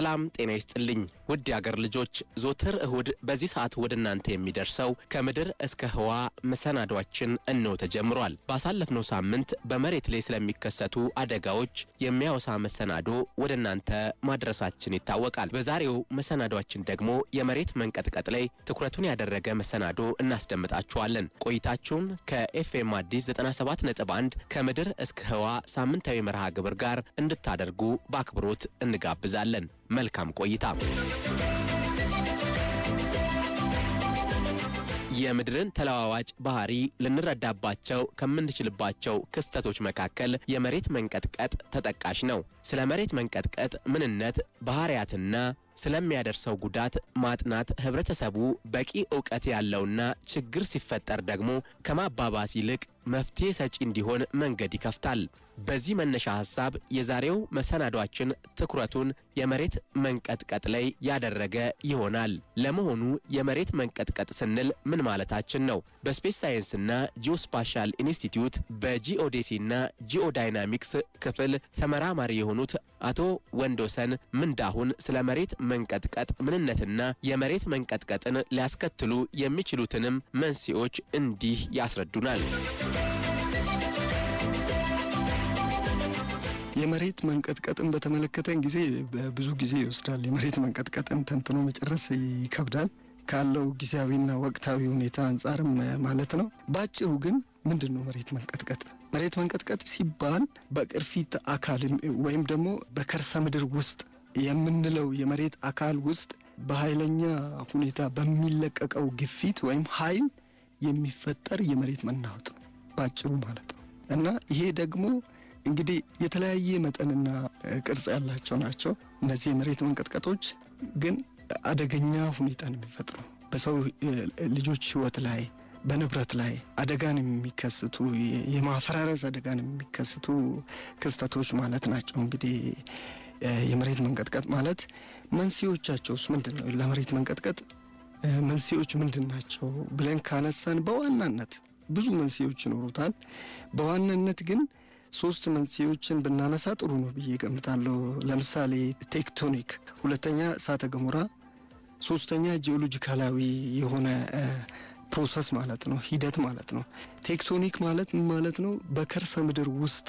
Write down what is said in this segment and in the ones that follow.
ሰላም ጤና ይስጥልኝ ውድ የአገር ልጆች፣ ዞትር እሁድ በዚህ ሰዓት ወደ እናንተ የሚደርሰው ከምድር እስከ ህዋ መሰናዷችን እነሆ ተጀምሯል። ባሳለፍነው ሳምንት በመሬት ላይ ስለሚከሰቱ አደጋዎች የሚያወሳ መሰናዶ ወደ እናንተ ማድረሳችን ይታወቃል። በዛሬው መሰናዷችን ደግሞ የመሬት መንቀጥቀጥ ላይ ትኩረቱን ያደረገ መሰናዶ እናስደምጣችኋለን። ቆይታችሁን ከኤፍኤም አዲስ 97.1 ከምድር እስከ ህዋ ሳምንታዊ መርሃ ግብር ጋር እንድታደርጉ በአክብሮት እንጋብዛለን። መልካም ቆይታ። የምድርን ተለዋዋጭ ባህሪ ልንረዳባቸው ከምንችልባቸው ክስተቶች መካከል የመሬት መንቀጥቀጥ ተጠቃሽ ነው። ስለ መሬት መንቀጥቀጥ ምንነት ባህሪያትና ስለሚያደርሰው ጉዳት ማጥናት ህብረተሰቡ በቂ እውቀት ያለውና ችግር ሲፈጠር ደግሞ ከማባባስ ይልቅ መፍትሄ ሰጪ እንዲሆን መንገድ ይከፍታል። በዚህ መነሻ ሀሳብ የዛሬው መሰናዷችን ትኩረቱን የመሬት መንቀጥቀጥ ላይ ያደረገ ይሆናል። ለመሆኑ የመሬት መንቀጥቀጥ ስንል ምን ማለታችን ነው? በስፔስ ሳይንስና ጂኦስፓሻል ኢንስቲትዩት በጂኦዴሲና ጂኦዳይናሚክስ ክፍል ተመራማሪ የሆኑት አቶ ወንዶሰን ምንዳሁን ስለ መሬት መንቀጥቀጥ ምንነትና የመሬት መንቀጥቀጥን ሊያስከትሉ የሚችሉትንም መንስኤዎች እንዲህ ያስረዱናል። የመሬት መንቀጥቀጥን በተመለከተን ጊዜ ብዙ ጊዜ ይወስዳል። የመሬት መንቀጥቀጥን ተንትኖ መጨረስ ይከብዳል ካለው ጊዜያዊና ወቅታዊ ሁኔታ አንጻርም ማለት ነው። በአጭሩ ግን ምንድን ነው መሬት መንቀጥቀጥ? መሬት መንቀጥቀጥ ሲባል በቅርፊት አካል ወይም ደግሞ በከርሰ ምድር ውስጥ የምንለው የመሬት አካል ውስጥ በኃይለኛ ሁኔታ በሚለቀቀው ግፊት ወይም ኃይል የሚፈጠር የመሬት መናወጥ ነው ባጭሩ ማለት ነው። እና ይሄ ደግሞ እንግዲህ የተለያየ መጠንና ቅርጽ ያላቸው ናቸው። እነዚህ የመሬት መንቀጥቀጦች ግን አደገኛ ሁኔታን የሚፈጥሩ በሰው ልጆች ሕይወት ላይ በንብረት ላይ አደጋን የሚከስቱ የማፈራረስ አደጋን የሚከስቱ ክስተቶች ማለት ናቸው እንግዲህ የመሬት መንቀጥቀጥ ማለት መንስኤዎቻቸውስ ምንድን ነው? ለመሬት መንቀጥቀጥ መንስኤዎች ምንድን ናቸው ብለን ካነሳን በዋናነት ብዙ መንስኤዎች ይኖሩታል። በዋናነት ግን ሶስት መንስኤዎችን ብናነሳ ጥሩ ነው ብዬ ገምታለሁ። ለምሳሌ ቴክቶኒክ፣ ሁለተኛ እሳተ ገሞራ፣ ሶስተኛ ጂኦሎጂካላዊ የሆነ ፕሮሰስ ማለት ነው ሂደት ማለት ነው። ቴክቶኒክ ማለት ምን ማለት ነው? በከርሰ ምድር ውስጥ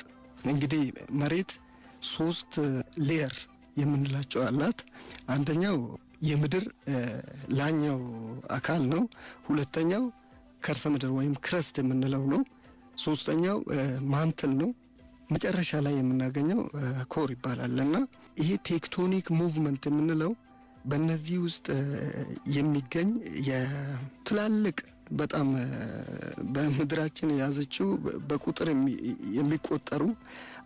እንግዲህ መሬት ሶስት ሌየር የምንላቸው አላት። አንደኛው የምድር ላኛው አካል ነው። ሁለተኛው ከርሰ ምድር ወይም ክረስት የምንለው ነው። ሶስተኛው ማንትል ነው። መጨረሻ ላይ የምናገኘው ኮር ይባላል እና ይሄ ቴክቶኒክ ሙቭመንት የምንለው በእነዚህ ውስጥ የሚገኝ የትላልቅ በጣም በምድራችን የያዘችው በቁጥር የሚቆጠሩ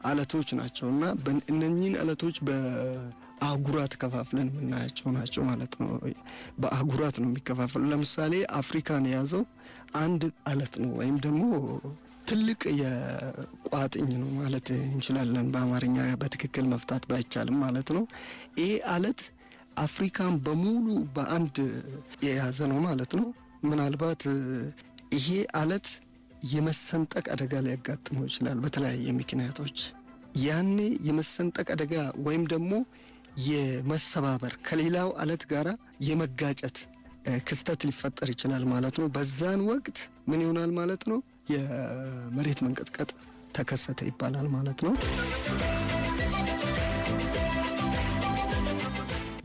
አለቶች ናቸው እና እነኚህን አለቶች በአህጉራት ከፋፍለን የምናያቸው ናቸው ማለት ነው። በአህጉራት ነው የሚከፋፈሉ። ለምሳሌ አፍሪካን የያዘው አንድ አለት ነው ወይም ደግሞ ትልቅ የቋጥኝ ነው ማለት እንችላለን። በአማርኛ በትክክል መፍታት ባይቻልም ማለት ነው። ይሄ አለት አፍሪካን በሙሉ በአንድ የያዘ ነው ማለት ነው። ምናልባት ይሄ አለት የመሰንጠቅ አደጋ ሊያጋጥመው ይችላል በተለያየ ምክንያቶች። ያኔ የመሰንጠቅ አደጋ ወይም ደግሞ የመሰባበር ከሌላው አለት ጋር የመጋጨት ክስተት ሊፈጠር ይችላል ማለት ነው። በዛን ወቅት ምን ይሆናል ማለት ነው? የመሬት መንቀጥቀጥ ተከሰተ ይባላል ማለት ነው።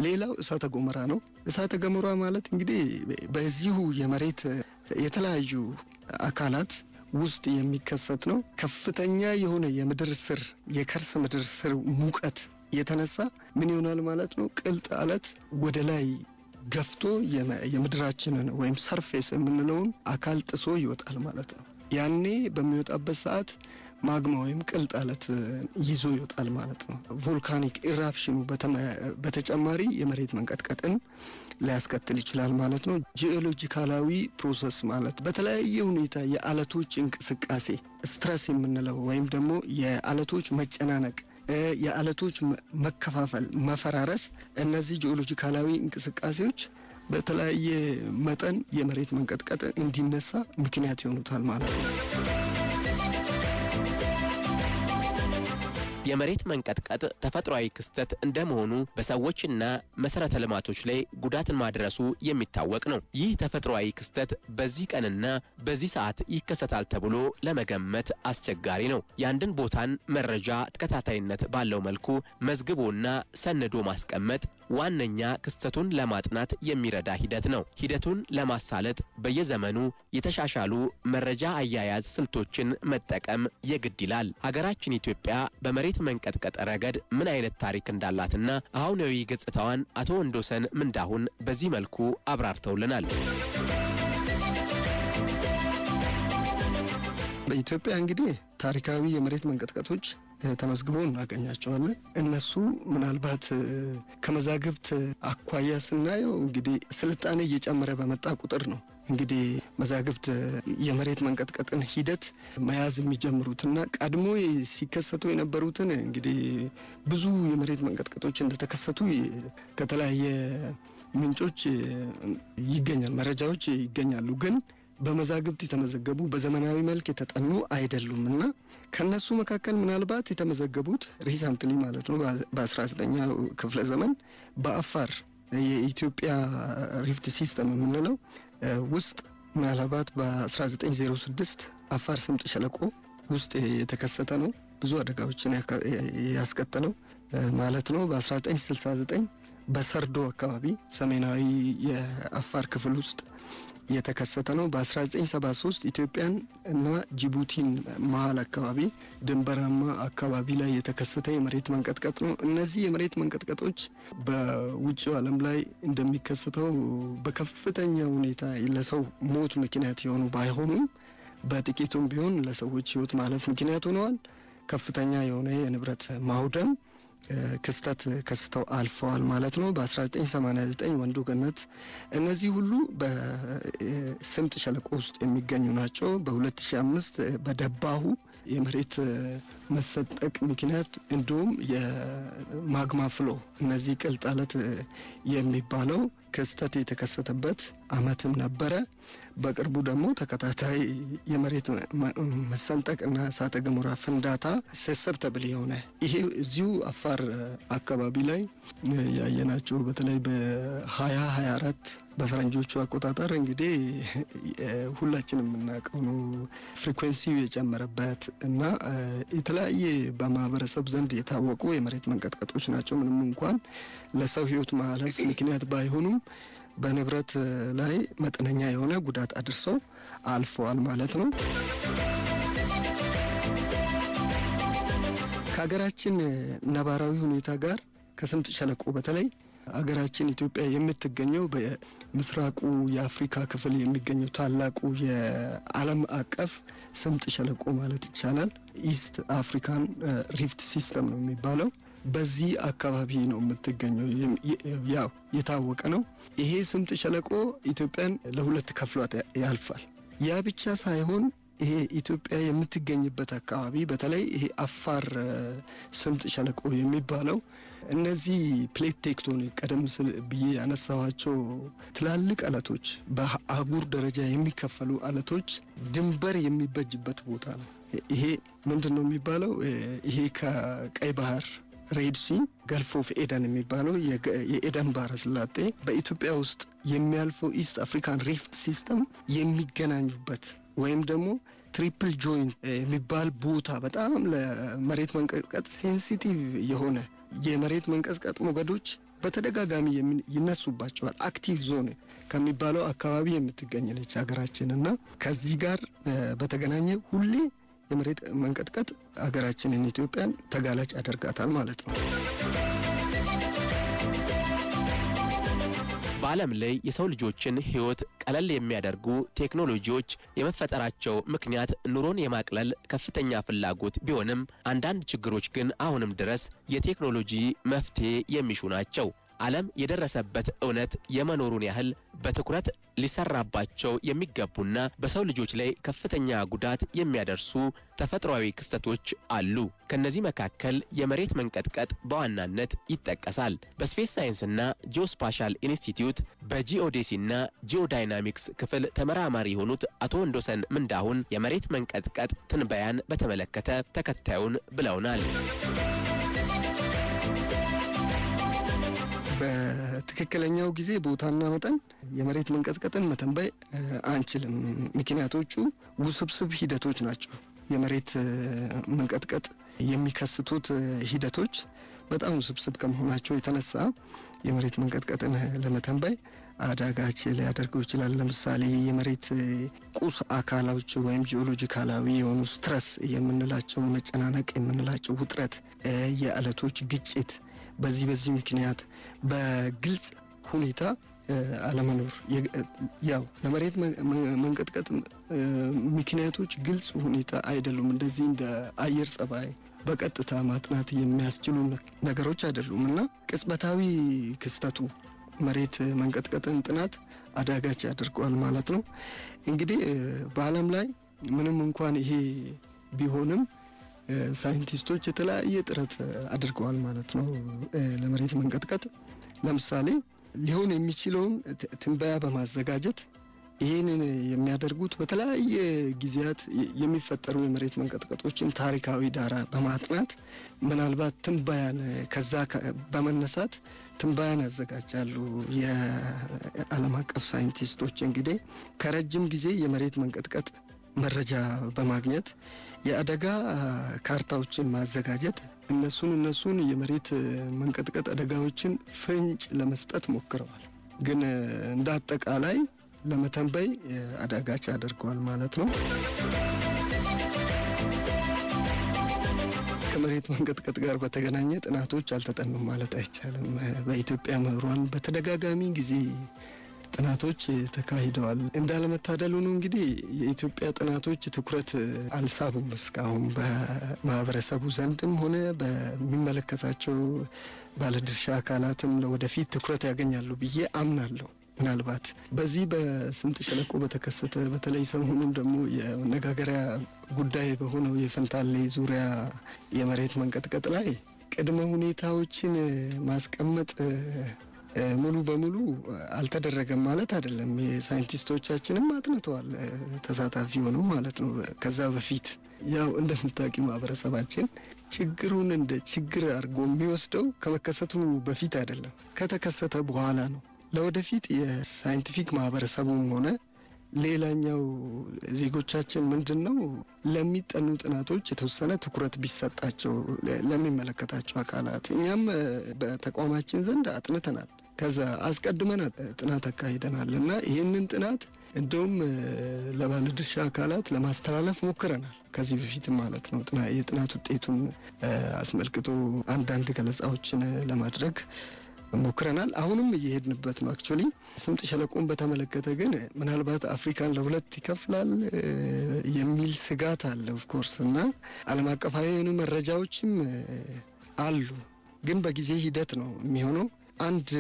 ሌላው እሳተ ገሞራ ነው። እሳተ ገሞራ ማለት እንግዲህ በዚሁ የመሬት የተለያዩ አካላት ውስጥ የሚከሰት ነው። ከፍተኛ የሆነ የምድር ስር የከርሰ ምድር ስር ሙቀት የተነሳ ምን ይሆናል ማለት ነው ቅልጥ አለት ወደ ላይ ገፍቶ የምድራችንን ወይም ሰርፌስ የምንለውን አካል ጥሶ ይወጣል ማለት ነው። ያኔ በሚወጣበት ሰዓት ማግማ ወይም ቅልጥ አለት ይዞ ይወጣል ማለት ነው። ቮልካኒክ ኢራፕሽኑ በተጨማሪ የመሬት መንቀጥቀጥን ሊያስከትል ይችላል ማለት ነው። ጂኦሎጂካላዊ ፕሮሰስ ማለት በተለያየ ሁኔታ የአለቶች እንቅስቃሴ ስትረስ የምንለው ወይም ደግሞ የአለቶች መጨናነቅ የአለቶች መከፋፈል፣ መፈራረስ እነዚህ ጂኦሎጂካላዊ እንቅስቃሴዎች በተለያየ መጠን የመሬት መንቀጥቀጥ እንዲነሳ ምክንያት ይሆኑታል ማለት ነው። የመሬት መንቀጥቀጥ ተፈጥሯዊ ክስተት እንደመሆኑ በሰዎችና መሰረተ ልማቶች ላይ ጉዳትን ማድረሱ የሚታወቅ ነው። ይህ ተፈጥሯዊ ክስተት በዚህ ቀንና በዚህ ሰዓት ይከሰታል ተብሎ ለመገመት አስቸጋሪ ነው። የአንድን ቦታን መረጃ ተከታታይነት ባለው መልኩ መዝግቦና ሰንዶ ማስቀመጥ ዋነኛ ክስተቱን ለማጥናት የሚረዳ ሂደት ነው። ሂደቱን ለማሳለጥ በየዘመኑ የተሻሻሉ መረጃ አያያዝ ስልቶችን መጠቀም የግድ ይላል። ሀገራችን ኢትዮጵያ በመሬት መንቀጥቀጥ ረገድ ምን አይነት ታሪክ እንዳላትና አሁናዊ ገጽታዋን አቶ ወንዶሰን ምንዳሁን በዚህ መልኩ አብራርተውልናል። በኢትዮጵያ እንግዲህ ታሪካዊ የመሬት መንቀጥቀጦች ተመዝግበው እናገኛቸዋለን። እነሱ ምናልባት ከመዛግብት አኳያ ስናየው እንግዲህ ስልጣኔ እየጨመረ በመጣ ቁጥር ነው እንግዲህ መዛግብት የመሬት መንቀጥቀጥን ሂደት መያዝ የሚጀምሩትና ቀድሞ ሲከሰቱ የነበሩትን እንግዲህ ብዙ የመሬት መንቀጥቀጦች እንደተከሰቱ ከተለያየ ምንጮች ይገኛል፣ መረጃዎች ይገኛሉ ግን በመዛግብት የተመዘገቡ በዘመናዊ መልክ የተጠኑ አይደሉም እና ከነሱ መካከል ምናልባት የተመዘገቡት ሪሰንትሊ ማለት ነው በ19ኛው ክፍለ ዘመን በአፋር የኢትዮጵያ ሪፍት ሲስተም የምንለው ውስጥ ምናልባት በ1906 አፋር ስምጥ ሸለቆ ውስጥ የተከሰተ ነው። ብዙ አደጋዎችን ያስከተለው ማለት ነው። በ1969 በሰርዶ አካባቢ ሰሜናዊ የአፋር ክፍል ውስጥ የተከሰተ ነው። በ1973 ኢትዮጵያን እና ጅቡቲን መሀል አካባቢ ድንበራማ አካባቢ ላይ የተከሰተ የመሬት መንቀጥቀጥ ነው። እነዚህ የመሬት መንቀጥቀጦች በውጭው ዓለም ላይ እንደሚከሰተው በከፍተኛ ሁኔታ ለሰው ሞት ምክንያት የሆኑ ባይሆኑም በጥቂቱም ቢሆን ለሰዎች ሕይወት ማለፍ ምክንያት ሆነዋል። ከፍተኛ የሆነ የንብረት ማውደም ክስተት ከስተው አልፈዋል ማለት ነው። በ1989 ወንዱ ገነት፣ እነዚህ ሁሉ በስምጥ ሸለቆ ውስጥ የሚገኙ ናቸው። በ2005 በደባሁ የመሬት መሰጠቅ ምክንያት እንዲሁም የማግማ ፍሎ እነዚህ ቅልጥ አለት የሚባለው ክስተት የተከሰተበት አመትም ነበረ። በቅርቡ ደግሞ ተከታታይ የመሬት መሰንጠቅና እሳተ ገሞራ ፍንዳታ ተብል የሆነ ይሄ እዚሁ አፋር አካባቢ ላይ ያየናቸው በተለይ በ2024 በፈረንጆቹ አቆጣጠር እንግዲህ ሁላችንም የምናውቀው ነው። ፍሪኩዌንሲው የጨመረበት እና የተለያየ በማህበረሰብ ዘንድ የታወቁ የመሬት መንቀጥቀጦች ናቸው። ምንም እንኳን ለሰው ሕይወት ማለፍ ምክንያት ባይሆኑም በንብረት ላይ መጠነኛ የሆነ ጉዳት አድርሰው አልፈዋል ማለት ነው። ከሀገራችን ነባራዊ ሁኔታ ጋር ከስምጥ ሸለቆ በተለይ ሀገራችን ኢትዮጵያ የምትገኘው ምስራቁ የአፍሪካ ክፍል የሚገኘው ታላቁ የዓለም አቀፍ ስምጥ ሸለቆ ማለት ይቻላል ኢስት አፍሪካን ሪፍት ሲስተም ነው የሚባለው። በዚህ አካባቢ ነው የምትገኘው። ያው የታወቀ ነው። ይሄ ስምጥ ሸለቆ ኢትዮጵያን ለሁለት ከፍሏት ያልፋል። ያ ብቻ ሳይሆን ይሄ ኢትዮጵያ የምትገኝበት አካባቢ በተለይ ይሄ አፋር ስምጥ ሸለቆ የሚባለው እነዚህ ፕሌት ቴክቶኒክ ቀደም ስል ብዬ ያነሳኋቸው ትላልቅ አለቶች በአህጉር ደረጃ የሚከፈሉ አለቶች ድንበር የሚበጅበት ቦታ ነው። ይሄ ምንድን ነው የሚባለው? ይሄ ከቀይ ባህር ሬድሲ ገልፍ ኦፍ ኤደን የሚባለው የኤደን ባህረ ስላጤ በኢትዮጵያ ውስጥ የሚያልፈው ኢስት አፍሪካን ሪፍት ሲስተም የሚገናኙበት ወይም ደግሞ ትሪፕል ጆይንት የሚባል ቦታ በጣም ለመሬት መንቀጥቀጥ ሴንሲቲቭ የሆነ የመሬት መንቀጥቀጥ ሞገዶች በተደጋጋሚ ይነሱባቸዋል። አክቲቭ ዞን ከሚባለው አካባቢ የምትገኝ ነች ሀገራችን እና ከዚህ ጋር በተገናኘ ሁሌ የመሬት መንቀጥቀጥ ሀገራችንን ኢትዮጵያን ተጋላጭ ያደርጋታል ማለት ነው። በዓለም ላይ የሰው ልጆችን ህይወት ቀለል የሚያደርጉ ቴክኖሎጂዎች የመፈጠራቸው ምክንያት ኑሮን የማቅለል ከፍተኛ ፍላጎት ቢሆንም አንዳንድ ችግሮች ግን አሁንም ድረስ የቴክኖሎጂ መፍትሄ የሚሹ ናቸው። ዓለም የደረሰበት እውነት የመኖሩን ያህል በትኩረት ሊሰራባቸው የሚገቡና በሰው ልጆች ላይ ከፍተኛ ጉዳት የሚያደርሱ ተፈጥሯዊ ክስተቶች አሉ። ከእነዚህ መካከል የመሬት መንቀጥቀጥ በዋናነት ይጠቀሳል። በስፔስ ሳይንስና ጂኦስፓሻል ኢንስቲትዩት በጂኦዴሲና ጂኦዳይናሚክስ ክፍል ተመራማሪ የሆኑት አቶ ወንዶሰን ምንዳሁን የመሬት መንቀጥቀጥ ትንበያን በተመለከተ ተከታዩን ብለውናል። በትክክለኛው ጊዜ ቦታና መጠን የመሬት መንቀጥቀጥን መተንበይ አንችልም። ምክንያቶቹ ውስብስብ ሂደቶች ናቸው። የመሬት መንቀጥቀጥ የሚከስቱት ሂደቶች በጣም ውስብስብ ከመሆናቸው የተነሳ የመሬት መንቀጥቀጥን ለመተንበይ አዳጋች ሊያደርገው ይችላል። ለምሳሌ የመሬት ቁስ አካላዎች ወይም ጂኦሎጂካላዊ የሆኑ ስትረስ የምንላቸው መጨናነቅ የምንላቸው ውጥረት፣ የአለቶች ግጭት በዚህ በዚህ ምክንያት በግልጽ ሁኔታ አለመኖር ያው ለመሬት መንቀጥቀጥ ምክንያቶች ግልጽ ሁኔታ አይደሉም። እንደዚህ እንደ አየር ጸባይ በቀጥታ ማጥናት የሚያስችሉ ነገሮች አይደሉም እና ቅጽበታዊ ክስተቱ መሬት መንቀጥቀጥን ጥናት አዳጋች ያደርገዋል ማለት ነው። እንግዲህ በዓለም ላይ ምንም እንኳን ይሄ ቢሆንም ሳይንቲስቶች የተለያየ ጥረት አድርገዋል ማለት ነው ለመሬት መንቀጥቀጥ። ለምሳሌ ሊሆን የሚችለውን ትንበያ በማዘጋጀት ይህንን የሚያደርጉት በተለያየ ጊዜያት የሚፈጠሩ የመሬት መንቀጥቀጦችን ታሪካዊ ዳራ በማጥናት ምናልባት ትንበያን ከዛ በመነሳት ትንባያን ያዘጋጃሉ። የዓለም አቀፍ ሳይንቲስቶች እንግዲህ ከረጅም ጊዜ የመሬት መንቀጥቀጥ መረጃ በማግኘት የአደጋ ካርታዎችን ማዘጋጀት እነሱን እነሱን የመሬት መንቀጥቀጥ አደጋዎችን ፍንጭ ለመስጠት ሞክረዋል። ግን እንደ አጠቃላይ ለመተንበይ አዳጋች አድርገዋል ማለት ነው። ከመሬት መንቀጥቀጥ ጋር በተገናኘ ጥናቶች አልተጠኑም ማለት አይቻልም። በኢትዮጵያ ምሁራን በተደጋጋሚ ጊዜ ጥናቶች ተካሂደዋል። እንዳለመታደል ሆኖ እንግዲህ የኢትዮጵያ ጥናቶች ትኩረት አልሳቡም እስካሁን በማህበረሰቡ ዘንድም ሆነ በሚመለከታቸው ባለድርሻ አካላትም ለወደፊት ትኩረት ያገኛሉ ብዬ አምናለሁ። ምናልባት በዚህ በስምጥ ሸለቆ በተከሰተ በተለይ ሰሞኑን ደግሞ የመነጋገሪያ ጉዳይ በሆነው የፈንታሌ ዙሪያ የመሬት መንቀጥቀጥ ላይ ቅድመ ሁኔታዎችን ማስቀመጥ ሙሉ በሙሉ አልተደረገም ማለት አይደለም። የሳይንቲስቶቻችንም አጥንተዋል ተሳታፊ ሆነው ማለት ነው። ከዛ በፊት ያው እንደምታውቂው ማህበረሰባችን ችግሩን እንደ ችግር አድርጎ የሚወስደው ከመከሰቱ በፊት አይደለም፣ ከተከሰተ በኋላ ነው። ለወደፊት የሳይንቲፊክ ማህበረሰቡም ሆነ ሌላኛው ዜጎቻችን ምንድን ነው ለሚጠኑ ጥናቶች የተወሰነ ትኩረት ቢሰጣቸው ለሚመለከታቸው አካላት። እኛም በተቋማችን ዘንድ አጥንተናል። ከዛ አስቀድመን ጥናት አካሂደናል እና ይህንን ጥናት እንደውም ለባለድርሻ አካላት ለማስተላለፍ ሞክረናል። ከዚህ በፊትም ማለት ነው የጥናት ውጤቱን አስመልክቶ አንዳንድ ገለጻዎችን ለማድረግ ሞክረናል። አሁንም እየሄድንበት ነው። አክቹሊ ስምጥ ሸለቆን በተመለከተ ግን ምናልባት አፍሪካን ለሁለት ይከፍላል የሚል ስጋት አለ ኦፍኮርስ እና ዓለም አቀፋዊ የሆኑ መረጃዎችም አሉ። ግን በጊዜ ሂደት ነው የሚሆነው። አንድ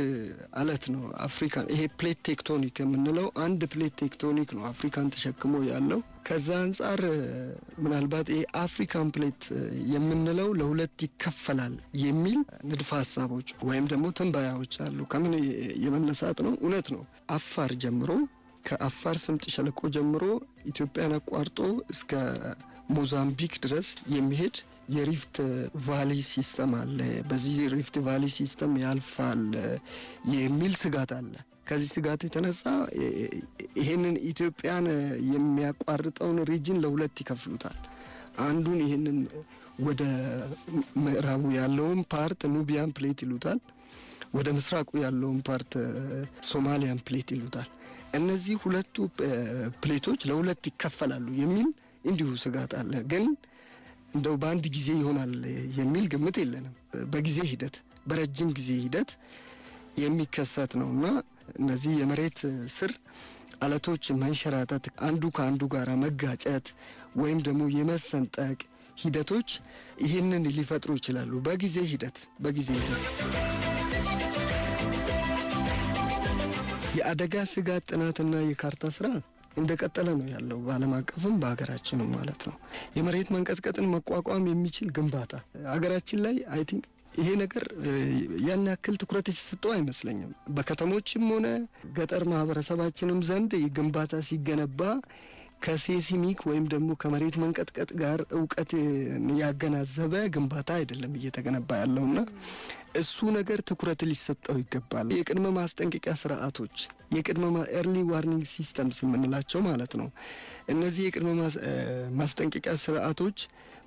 አለት ነው አፍሪካ ይሄ ፕሌት ቴክቶኒክ የምንለው አንድ ፕሌት ቴክቶኒክ ነው አፍሪካን ተሸክሞ ያለው። ከዛ አንጻር ምናልባት ይሄ አፍሪካን ፕሌት የምንለው ለሁለት ይከፈላል የሚል ንድፈ ሀሳቦች ወይም ደግሞ ትንበያዎች አሉ። ከምን የመነሳት ነው? እውነት ነው አፋር ጀምሮ ከአፋር ስምጥ ሸለቆ ጀምሮ ኢትዮጵያን አቋርጦ እስከ ሞዛምቢክ ድረስ የሚሄድ የሪፍት ቫሊ ሲስተም አለ፣ በዚህ ሪፍት ቫሊ ሲስተም ያልፋል የሚል ስጋት አለ። ከዚህ ስጋት የተነሳ ይህንን ኢትዮጵያን የሚያቋርጠውን ሪጅን ለሁለት ይከፍሉታል። አንዱን ይህንን ወደ ምዕራቡ ያለውን ፓርት ኑቢያን ፕሌት ይሉታል። ወደ ምስራቁ ያለውን ፓርት ሶማሊያን ፕሌት ይሉታል። እነዚህ ሁለቱ ፕሌቶች ለሁለት ይከፈላሉ የሚል እንዲሁ ስጋት አለ ግን እንደው በአንድ ጊዜ ይሆናል የሚል ግምት የለንም። በጊዜ ሂደት በረጅም ጊዜ ሂደት የሚከሰት ነው እና እነዚህ የመሬት ስር አለቶች መንሸራተት፣ አንዱ ከአንዱ ጋር መጋጨት ወይም ደግሞ የመሰንጠቅ ሂደቶች ይህንን ሊፈጥሩ ይችላሉ። በጊዜ ሂደት በጊዜ ሂደት የአደጋ ስጋት ጥናትና የካርታ ስራ እንደቀጠለ ነው ያለው በዓለም አቀፍም በሀገራችንም ማለት ነው። የመሬት መንቀጥቀጥን መቋቋም የሚችል ግንባታ ሀገራችን ላይ አይ ቲንክ ይሄ ነገር ያን ያክል ትኩረት የተሰጠው አይመስለኝም። በከተሞችም ሆነ ገጠር ማህበረሰባችንም ዘንድ ግንባታ ሲገነባ ከሴሲሚክ ወይም ደግሞ ከመሬት መንቀጥቀጥ ጋር እውቀት ያገናዘበ ግንባታ አይደለም እየተገነባ ያለውና እሱ ነገር ትኩረት ሊሰጠው ይገባል። የቅድመ ማስጠንቀቂያ ስርዓቶች የቅድመ ኤርሊ ዋርኒንግ ሲስተምስ የምንላቸው ማለት ነው። እነዚህ የቅድመ ማስጠንቀቂያ ስርዓቶች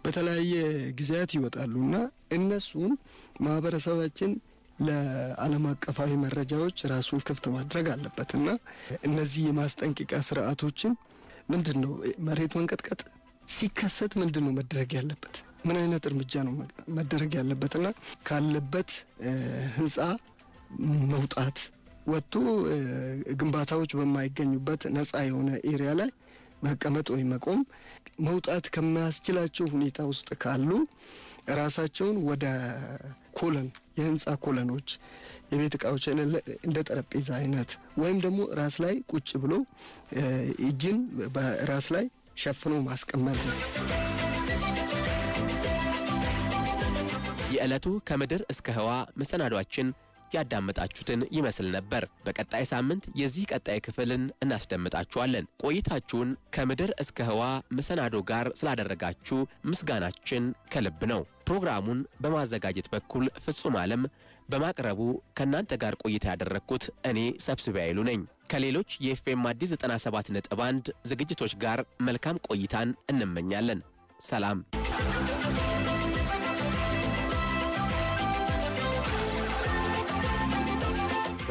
በተለያየ ጊዜያት ይወጣሉ እና እነሱን ማህበረሰባችን ለዓለም አቀፋዊ መረጃዎች ራሱን ክፍት ማድረግ አለበት እና እነዚህ የማስጠንቀቂያ ስርዓቶችን ምንድን ነው መሬት መንቀጥቀጥ ሲከሰት ምንድን ነው መደረግ ያለበት ምን አይነት እርምጃ ነው መደረግ ያለበትና ካለበት ህንፃ መውጣት ወጥቶ ግንባታዎች በማይገኙበት ነፃ የሆነ ኤሪያ ላይ መቀመጥ ወይም መቆም መውጣት ከማያስችላቸው ሁኔታ ውስጥ ካሉ ራሳቸውን ወደ ኮለን የህንፃ ኮለኖች፣ የቤት እቃዎች እንደ ጠረጴዛ አይነት ወይም ደግሞ ራስ ላይ ቁጭ ብሎ እጅን በራስ ላይ ሸፍኖ ማስቀመጥ ነው። የዕለቱ ከምድር እስከ ህዋ መሰናዷችን ያዳመጣችሁትን ይመስል ነበር። በቀጣይ ሳምንት የዚህ ቀጣይ ክፍልን እናስደምጣችኋለን። ቆይታችሁን ከምድር እስከ ህዋ መሰናዶ ጋር ስላደረጋችሁ ምስጋናችን ከልብ ነው። ፕሮግራሙን በማዘጋጀት በኩል ፍጹም ዓለም፣ በማቅረቡ ከእናንተ ጋር ቆይታ ያደረግኩት እኔ ሰብስቤ አይሉ ነኝ። ከሌሎች የኤፍኤም አዲስ 97 ነጥብ 1 ዝግጅቶች ጋር መልካም ቆይታን እንመኛለን። ሰላም።